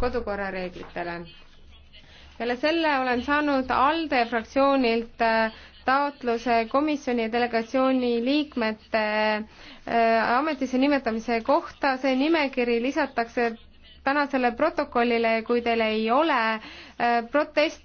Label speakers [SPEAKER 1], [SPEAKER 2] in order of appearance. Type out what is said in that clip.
[SPEAKER 1] kodukorra reeglitele. peale selle olen saanud ALDE fraktsioonilt äh, taotluse komisjoni ja delegatsiooni liikmete äh, ametisse nimetamise kohta. see nimekiri lisatakse tänasele protokollile ja kui teil ei ole äh, protesti,